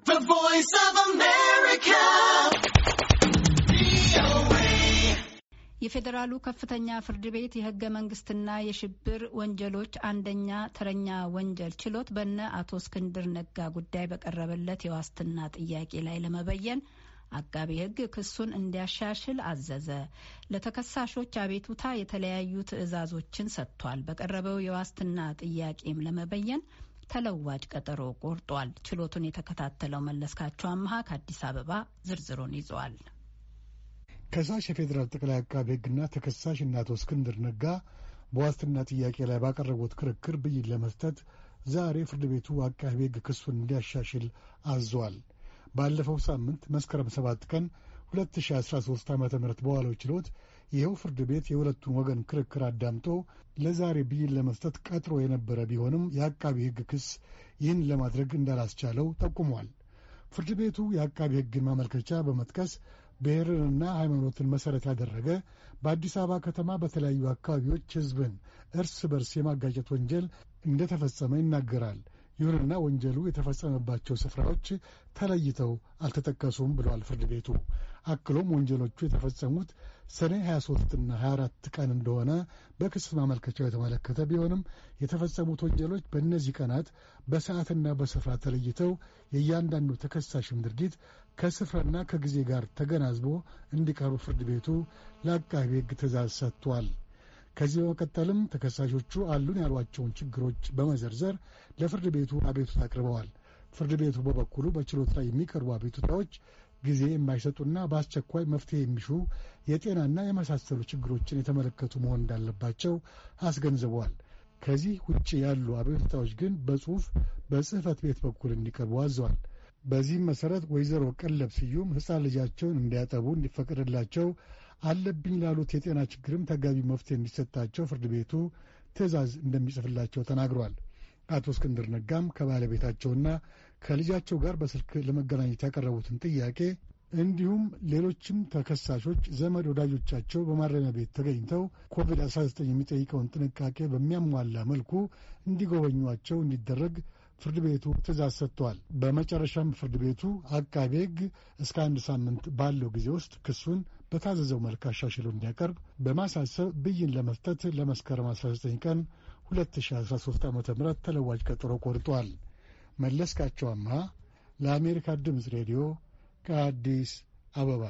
The Voice of America. የፌዴራሉ ከፍተኛ ፍርድ ቤት የህገ መንግስትና የሽብር ወንጀሎች አንደኛ ተረኛ ወንጀል ችሎት በነ አቶ እስክንድር ነጋ ጉዳይ በቀረበለት የዋስትና ጥያቄ ላይ ለመበየን አቃቤ ህግ ክሱን እንዲያሻሽል አዘዘ። ለተከሳሾች አቤቱታ የተለያዩ ትዕዛዞችን ሰጥቷል። በቀረበው የዋስትና ጥያቄም ለመበየን ተለዋጭ ቀጠሮ ቆርጧል። ችሎቱን የተከታተለው መለስካቸው አምሃ ከአዲስ አበባ ዝርዝሩን ይዟል። ከሳሽ የፌዴራል ጠቅላይ አቃቤ ሕግና ተከሳሽ እና አቶ እስክንድር ነጋ በዋስትና ጥያቄ ላይ ባቀረቡት ክርክር ብይን ለመስጠት ዛሬ ፍርድ ቤቱ አቃቤ ሕግ ክሱን እንዲያሻሽል አዟል። ባለፈው ሳምንት መስከረም ሰባት ቀን 2013 ዓ ም በዋለው ችሎት ይኸው ፍርድ ቤት የሁለቱን ወገን ክርክር አዳምጦ ለዛሬ ብይን ለመስጠት ቀጥሮ የነበረ ቢሆንም የአቃቢ ሕግ ክስ ይህን ለማድረግ እንዳላስቻለው ጠቁሟል። ፍርድ ቤቱ የአቃቢ ሕግን ማመልከቻ በመጥቀስ ብሔርንና ሃይማኖትን መሠረት ያደረገ በአዲስ አበባ ከተማ በተለያዩ አካባቢዎች ሕዝብን እርስ በርስ የማጋጨት ወንጀል እንደተፈጸመ ይናገራል። ይሁንና ወንጀሉ የተፈጸመባቸው ስፍራዎች ተለይተው አልተጠቀሱም ብሏል ፍርድ ቤቱ። አክሎም ወንጀሎቹ የተፈጸሙት ሰኔ 23ና 24 ቀን እንደሆነ በክስ ማመልከቻው የተመለከተ ቢሆንም የተፈጸሙት ወንጀሎች በእነዚህ ቀናት በሰዓትና በስፍራ ተለይተው የእያንዳንዱ ተከሳሽም ድርጊት ከስፍራና ከጊዜ ጋር ተገናዝቦ እንዲቀርቡ ፍርድ ቤቱ ለአቃቤ ሕግ ትእዛዝ ሰጥቷል። ከዚህ በመቀጠልም ተከሳሾቹ አሉን ያሏቸውን ችግሮች በመዘርዘር ለፍርድ ቤቱ አቤቱታ አቅርበዋል። ፍርድ ቤቱ በበኩሉ በችሎት ላይ የሚቀርቡ አቤቱታዎች ጊዜ የማይሰጡና በአስቸኳይ መፍትሄ የሚሹ የጤናና የመሳሰሉ ችግሮችን የተመለከቱ መሆን እንዳለባቸው አስገንዝበዋል። ከዚህ ውጭ ያሉ አቤቱታዎች ግን በጽሁፍ በጽህፈት ቤት በኩል እንዲቀርቡ አዘዋል። በዚህም መሰረት ወይዘሮ ቀለብ ስዩም ሕፃን ልጃቸውን እንዲያጠቡ እንዲፈቀድላቸው አለብኝ ላሉት የጤና ችግርም ተገቢ መፍትሄ እንዲሰጣቸው ፍርድ ቤቱ ትዕዛዝ እንደሚጽፍላቸው ተናግሯል። አቶ እስክንድር ነጋም ከባለቤታቸውና ከልጃቸው ጋር በስልክ ለመገናኘት ያቀረቡትን ጥያቄ እንዲሁም ሌሎችም ተከሳሾች ዘመድ ወዳጆቻቸው በማረሚያ ቤት ተገኝተው ኮቪድ-19 የሚጠይቀውን ጥንቃቄ በሚያሟላ መልኩ እንዲጎበኟቸው እንዲደረግ ፍርድ ቤቱ ትእዛዝ ሰጥቷል። በመጨረሻም ፍርድ ቤቱ አቃቤ ሕግ እስከ አንድ ሳምንት ባለው ጊዜ ውስጥ ክሱን በታዘዘው መልክ አሻሽሎ እንዲያቀርብ በማሳሰብ ብይን ለመስጠት ለመስከረም 19 ቀን 2013 ዓ ም ተለዋጭ ቀጠሮ ቆርጧል። መለስካቸው ለአሜሪካ ድምፅ ሬዲዮ ከአዲስ አበባ